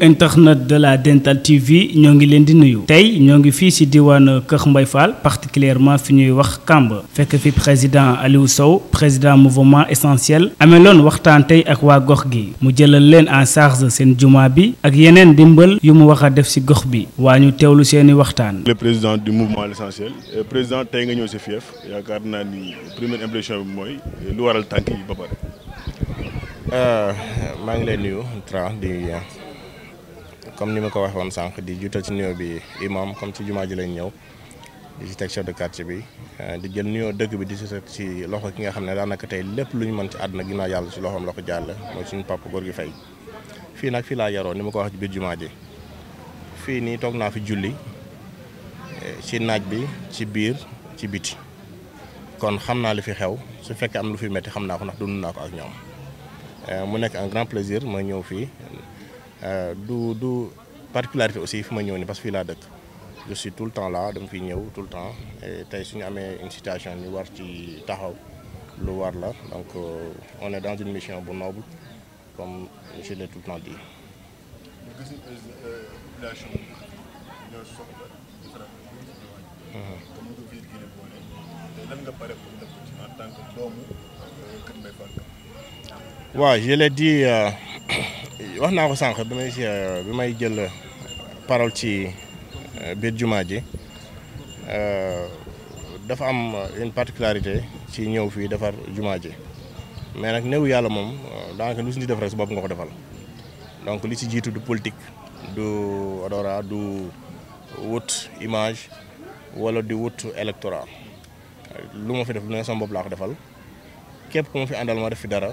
internet de la Dental TV ñoo ngi leen di nuyu tey ñoo ngi ci particulièrement fi ñuy wax Kamba fekk fi président Aliou Sow président mouvement essentiel amelon waxtaan tey ak waa gox gi mu jëlal leen en charge seen juma bi ak yeneen dimbal yu mu def ci bi seeni le président du mouvement l'essentiel euh, président tey nga ñëw ci fief première impression bi lu waral tànk yi ba pare. Euh, maa ngi nuyu comme ni ma ko waxee woon sànq di jutal ci nuyoo bi imam comme ci jumaa ji lañ ñëw di ci teg de quartier bi euh, di jël nuyoo dëkk bi di ci teg ci loxo ki nga xam ne daanaka tey lépp lu ñu mën ci àdduna ginnaaw yàlla si loxoom la ko jàll mooy suñu papa góor gi fay fii nag fii laa yaroo ni ma ko wax ci biir jumaa ji fii nii toog naa fi julli euh, ci naaj bi ci biir ci biti kon xam naa li fi xew su fekkee am lu fi metti xam naa ko ndax dund naa ko ak ñoom euh, mu nekk un grand plaisir ñëw fii Euh, du du particularité aussi fu ma ni parce que fii laa dëkk je suis tout le temps là dama fiy ñëw tout le temps et tey suñu amee une situation ñu war ci taxaw lu war la donc euh, on est dans une mission bu noble comme je l'ai tout le temps dit. waaw je l'ai dit. Euh, wax naa ko sànq bi may euh, bi may jël parole ci euh, biir jumaa ji euh, dafa am une particularité ci ñëw fii defar jumaa ji mais nag néew yàlla moom daanaka lu si ñu def rek su bopp nga ko defal donc li ci jiitu du politique du odora du wut image walla di wut électorat lu ma fi def lu ne sama bopp laa ko defal képp ku ma fi àndal ma def fi dara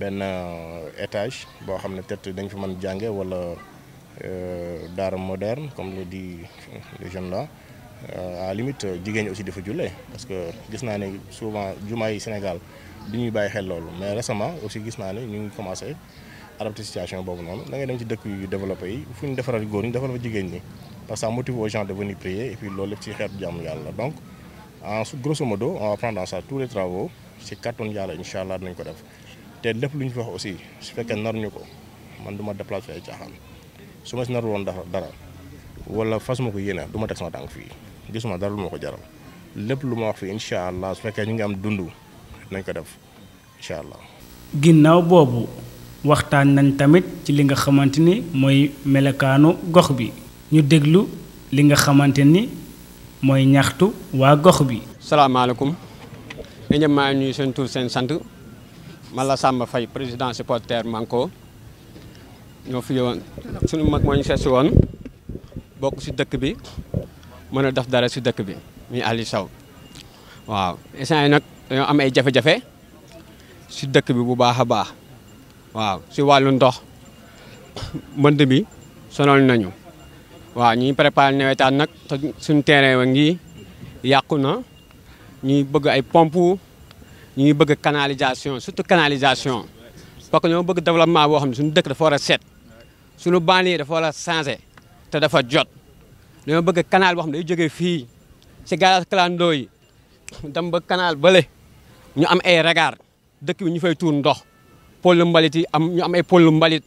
ben étage bo xamné tet dañ fi man jangé wala euh dar moderne comme le dit euh, les jeunes là euh, à la limite jigéen aussi dafa julé parce que gis na né souvent jumaa yi Sénégal du ñuy bàyyi xel lolu mais récemment aussi gis na né ñu ngi commencé adapter situation bobu non da ngay dem ci dëkk yu développé yi fu ñu goor ñu défaral defaral jigéen ñi parce que ça motive aux gens de venir prier et puis loolu ci xeetu jàmm yalla donc en grosso modo on va prendre en ça tous les travaux ci carton yalla inshallah dañ ko def te lépp lu ñu fi wax aussi su fekkee naruñu ko man du ma déplacé ay caaxaan su ma si nar woon dara wala fas ma ko yéene du ma teg sama tànk fii gisuma dara lu ma ko jaral lépp lu ma wax fii incha allah su fekkee ñu ngi am dund nañ ko def incha allah. ginnaaw boobu waxtaan nañ tamit ci li nga xamante ni mooy melokaanu gox bi ñu déglu li nga xamante ni mooy ñaxtu waa gox bi. salaamaaleykum. ñëpp ma ngi nuyu seen tur seen sant. Mala Samba fay président supporter Manko ño fi yoon suñu mag moñu ñu won bok ci dëkk bi wow, daf dara ci dëkk bi mi ali saw waaw essay nak dañu am ay jafe-jafe ci dëkk bi bu baaxa baax waaw ci walu ndox mënd bi sonal nañu waaw ñi préparer nawetaan nag suñu terrain wa ngi ñi bëgg ay pompe ñu ngi bëgg canalisation surtout canalisation parce que ñoo bëgg développement boo xam ne suñu dëkk dafa a set suñu banlieue dafa war a changé te dafa jot dañoo bëgg canal boo xam ne day jógee fii si garage clando yi dem ba canal bële ñu am ay regard dëkk bi ñu fay tuur ndox pôle mbalit yi am ñu am ay pôle mbalit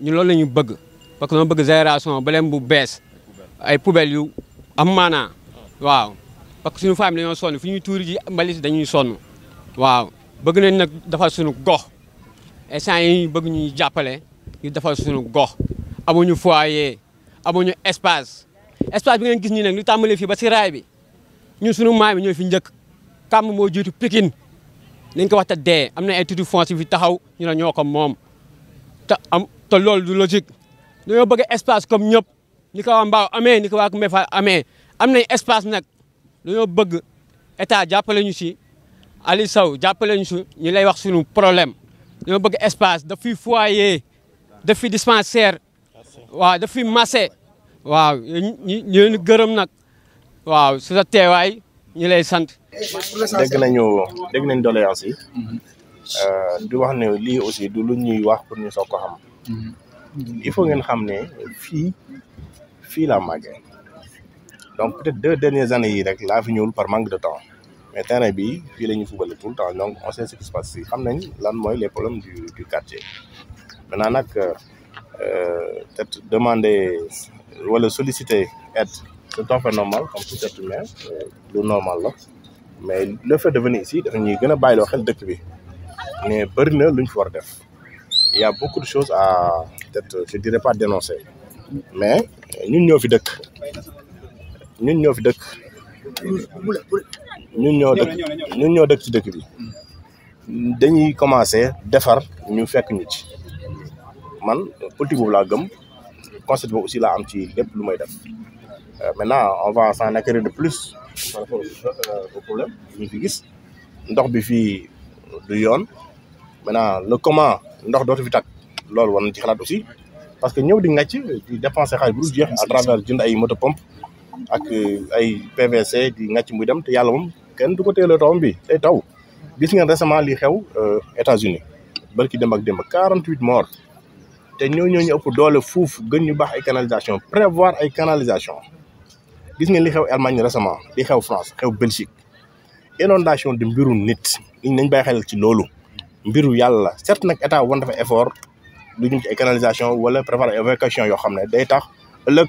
ñu loolu la ñu bëgg parce que ñoo bëgg génération baleem bu bees ay poubelles yu am maanaa waaw parce que suñu famille dañoo sonn fi ñuy tuuri ji mbalit dañuy sonn waaw bëgg nañ nag defar suñu gox instant yi bëgg ñuy jàppale ñu defar suñu gox amuñu foyer amuñu espace espace bi ngeen gis ñi nag lu tàmbalee fii ba siraay bi ñu suñu maam yi ñoo fi njëkk kàmm moo jiitu Pikine nañ ko wax te dee am na ay tuuti fonds fi taxaw ñu ne ñoo ko moom te am te loolu du logique dañoo bëgg espace comme ñëpp ni ko waa Mbao amee ni ko waa Mbefa amee am nañ espace nag dañoo bëgg état jàppale ñu si Aliou saw jàppale ñu su ñu lay wax suñu problème ñoo bëgg espace daf fi foyer daf fi dispensaire waaw daf fi waaw ñu ñu gërëm nag waaw su teewaay ñu lay sant. dégg nañu dégg nañ doléance yi euh, di wax ne lii aussi du lu ñuy wax pour ñu soog ko xam. il faut ngeen xam ne fii fii laa màggee donc peut-être deux dernières yi rek laa fi ñëwul par manque de temps. mais terrain bi fi lañu ñuy tout le temps donc on sait ce qui se passe fii xam nañ lan les problèmes du du quartier maintenant euh peut-être demander wala solliciter aide c'est tout à fait normal comme tout être humain euh, lu normal la mais le fait de venir ici dafa ñuy gën a xel dëkk bi mais bëri na lu fi war def il y a beaucoup de choses à peut-être je dirais pas dénoncer mais euh, ñun ñoo dëkk ñun ñoo dëkk nous sommes dëkk ci commencé à ñu fekk ñu ci man gëm concept aussi am ci lépp lu euh, maintenant on va s'en acquérir de plus par rapport euh, problème ndox bi maintenant le comment ndox dootu fi nous parce que nous di ngàcc di à travers jënd ay moto pompe ak ay PVC di ngàcc muy dem te yàlla moom kenn du ko teelee tawam bi tey taw gis ngeen récemment li xew euh, États-Unis barki dem ak dem 48 morts te ñoo ñoo ñu ëpp doole fuuf gën ñu baax ay canalisation prévoir ay canalisation gis ngeen li xew Allemagne récemment li xew France xew Belgique inondation de mbiru nit nit nañ bàyyi xel ci loolu mbiru yàlla la certes nag état won dafa effort lu ñu ci ay canalisation wala prévoir évacuation yoo xam ne day tax ëllëg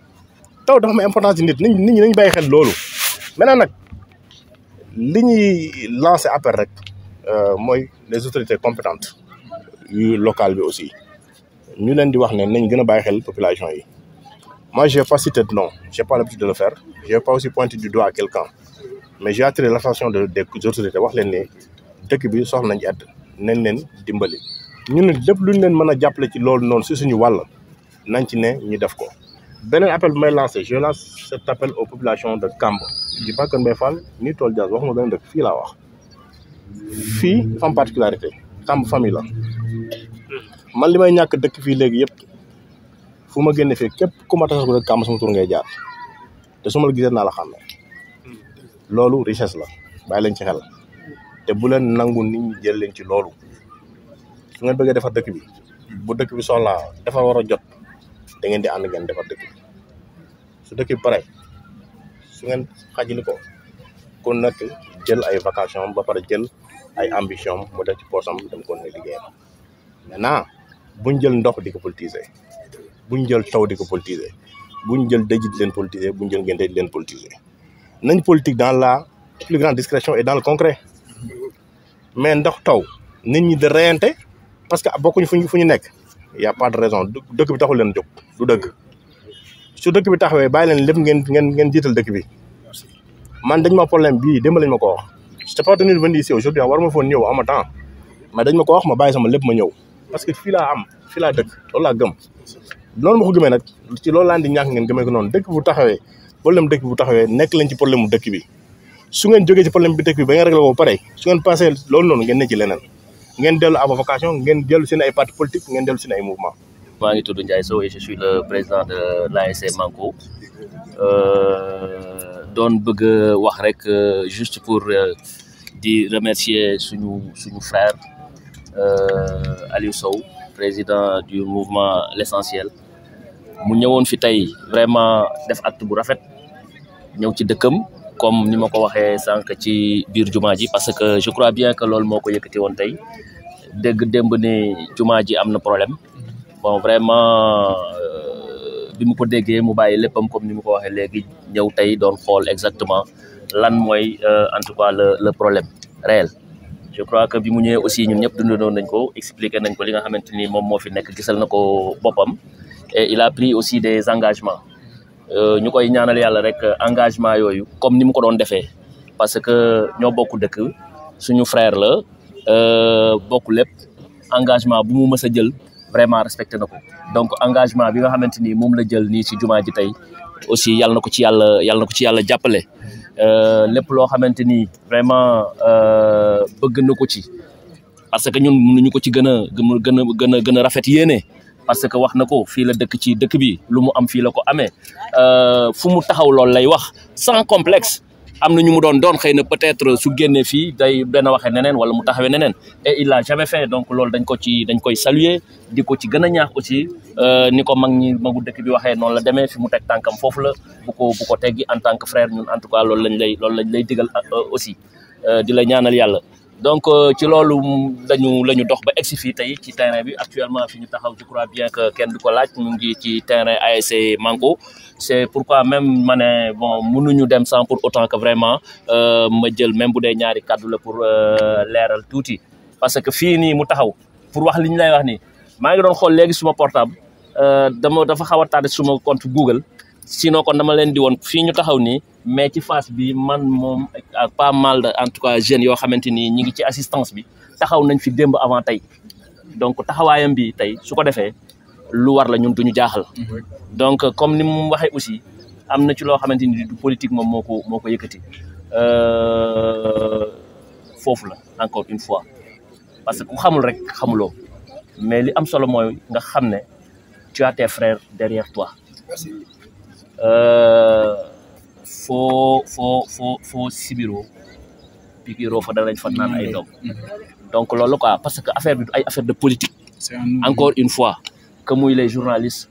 taw dafa am importance nit nit ñi nañ bàyyi xel loolu maintenant nag li ñuy lancé appel rek euh, mooy les autorités compétentes yu local bi aussi ñu leen di wax ne nañ gën a bàyyi xel population yi moi j'ai pas cité de nom j'ai pas l'habitude de le faire j'ai pas aussi pointé du doigt à quelqu'un mais j'ai attiré l'attention de des autorités wax leen ne dëkk bi soxla nañ aide nañ leen dimbali ñu ne lépp luñ leen mën a jàppale ci loolu noonu si suñu wàll nañ ci ne ñu def ko beneen appel bu may lancé je lance cet appel aux populations de Kambo di Bakkan Mbaye Fall ni tool Diaz waxuma benn dëkk fii laa wax particularité Kambo famille la man li may ñàkk dëkk fii léegi yëpp fu ma képp ku ma tasal ko dëkk Kambo sama tur ngay jaar te su ma la gisee naa la xàmme loolu richesse la bàyyi leen ci xel te bu nangu nit ñi jël ci su bi bu bi dafa jot da ngeen di ànd ngeen defar dëkk bi dëkk bi pare su ngeen xajali ko ku nekk jël ay vacation ba pare jël ay ambition mu def ci poosam dem ko ne liggéeyam maintenant buñ jël ndox di ko politiser buñ jël taw di ko politiser buñ jël dëj di leen politiser buñ jël ngente di leen politiser nañ politique dans la plus grande discrétion et dans le concret mais ndox taw nit ñi di reyante parce que bokkuñ fu ñu fu ñu nekk y' a pas de raison dëkk bi taxul leen jóg du dëgg su dëkk bi taxawee bàyyi leen lépp ngeen ngeen ngeen jiital dëkk bi man dañ ma problème bii démb leen ma ko wax c'est pas tenu de venir ici aujourd'hui war ma foon ñëw ama temps mais dañ ma ko wax ma bàyyi ma lépp ma ñëw parce que fii laa am fii laa dëkk loolu laa gëm noonu ma ko gëmee nag ci loolu laa di ñàkk ngeen gëmee noonu dëkk bu taxawee problème dëkk bu taxawee nekk lañ ci problème mu dëkk bi su ngeen jógee ci problème bi dëkk bi ba ngeen réglé ci leneen Vous avez une vocation, vous ngeen une seen ay politique ngeen dellu un ay mouvement je suis le président de l'ASC Manko Je voudrais a wax rek euh, juste pour euh, di remercier suñu suñu frère euh, Aliou Sow président du mouvement l'essentiel mu un fi tey vraiment def acte bu rafet acte ci dëkkam comme ni ma ko waxee sànq ci biir jumaa ji parce que je crois bien que loolu moo ko yëkkati woon tey dégg démb ne jumaa ji am na problème bon vraiment euh, bi mu ko déggee mu bàyyi léppam comme ni ma ko waxee léegi ñëw tey doon xool exactement lan mooy euh, en tout cas le le problème réel je crois que bi mu ñëwee aussi ñun ñëpp dundandoon nañ ko expliqué nañ ko li nga xamante ni moom moo fi nekk gisal na ko boppam et il a pris aussi des engagements Euh, ñu koy ñaanal yàlla rek euh, engagement yooyu comme ni mu ko doon defee parce que ñoo bokk dëkk suñu frère la euh, bokk lépp engagement bu mu mës a jël vraiment respecté na ko donc engagement bi nga xamante ni moom la jël nii ci jumaa ji tey aussi yàlla na ko ci yàlla yàlla na ko ci yàlla jàppale lépp loo xamante ni vraiment bëgg na ko ci parce que ñun mënuñu ko ci gën a gën a gën a gën a rafet yéene parce que wax na ko fii la dëkk ci dëkk bi lu mu am fii la ko amee euh, fu mu taxaw loolu lay wax sans complexe am na ñu mu doon doon xëy na peut-être su génnee fii day benn waxee neneen wala mu taxawee neneen et il l'a jamais fait donc loolu dañ ko ci dañ koy saluer di ko ci gën a ñaax aussi euh, ni ko mag ñi magu dëkk bi waxee noon la demee fi mu teg tànkam foofu la bu ko bu ko teggi en tant que frère ñun en tout cas loolu lañ lay loolu lay digal euh, aussi di la ñaanal yàlla donc euh, ci loolu lañu dox ba ci terrain bi actuellement fiñu taxaw je crois bien que kenn du laaj ngi ci terrain Mango. c'est pourquoi même mané bon dem sans pour autant que vraiment euh, ma jël même ñaari la pour euh, léral touti. parce que fini, mu taxaw pour wax liñ lay wax ni ma ngi don xol suma portable dama dafa compte Google sinon dama leen di mais ci face bi man moom ak pas mal de en tout cas jeune yo xamanteni ñi ngi ci assistance bi taxaw nañ fi demb avant tay donc taxawayam bi tay su ko lu war la ñun duñu jaaxal donc comme ni mu waxe aussi am na ci lo xamanteni du politique mom moko ko yëkëti euh fofu la encore une fois parce que ku xamul rek xamulo mais li am solo moy nga xamné tu as tes frères derrière toi. Euh, fo faut sibiro fa des donc parce que affaire affaire de politique encore une fois comme il est journaliste,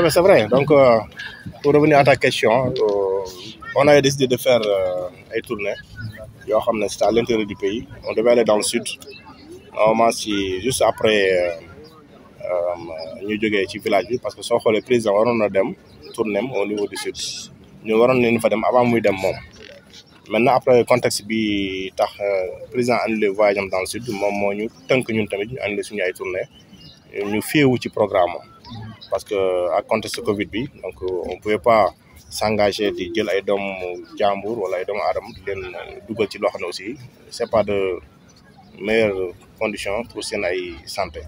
ben, c'est vrai. Donc, euh, pour revenir à ta question, euh, on a décidé de faire euh, une tournée. à l'intérieur du pays. On devait aller dans le sud. Normalement, si, juste après, nous devons aller village parce que si on le président, on a tourné au niveau du sud. Nous avons une faire avant de maintenant après le contexte bi tax euh, président annulé voyage dans le sud moom moo ñu tënk ñun tamit ñu Nous avons ay tournée ñu programme parce que à ce Covid bi donc on pouvait pas s'engager di jël ay dom jambour wala ay di euh, c'est pas de meilleure condition pour la santé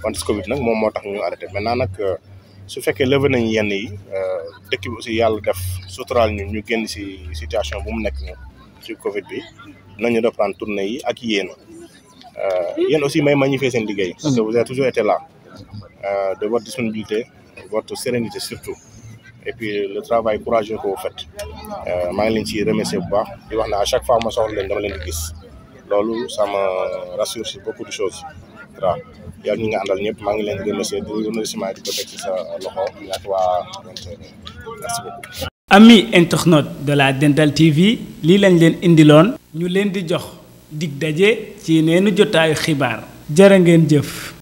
contexte Covid nak mom motax ñu arrêté maintenant euh, su nañ yenn yi euh, aussi yalla def ñu ñu situation bu mu ñu ci Covid bi nañu reprendre tournée yi ak aussi vous avez toujours été là Euh, de votre disponibilité, votre sérénité surtout. et le travail courageux que vous faites euh, maa ngi leen ci remesé bu baax di wax ne chaque fois ma soxla leen dama leen di gis loolu sama me rassure sur beaucoup de choses waaw yàlla ñu nga àndal ñëpp maa ngi leen di remercier di remerciement di ko teg ci sa loxo ñaat waa ami internaute de la TV lii lañ leen indiloon ñu leen di jox dig daje ci neenu jotaayu xibaar jërë ngeen jëf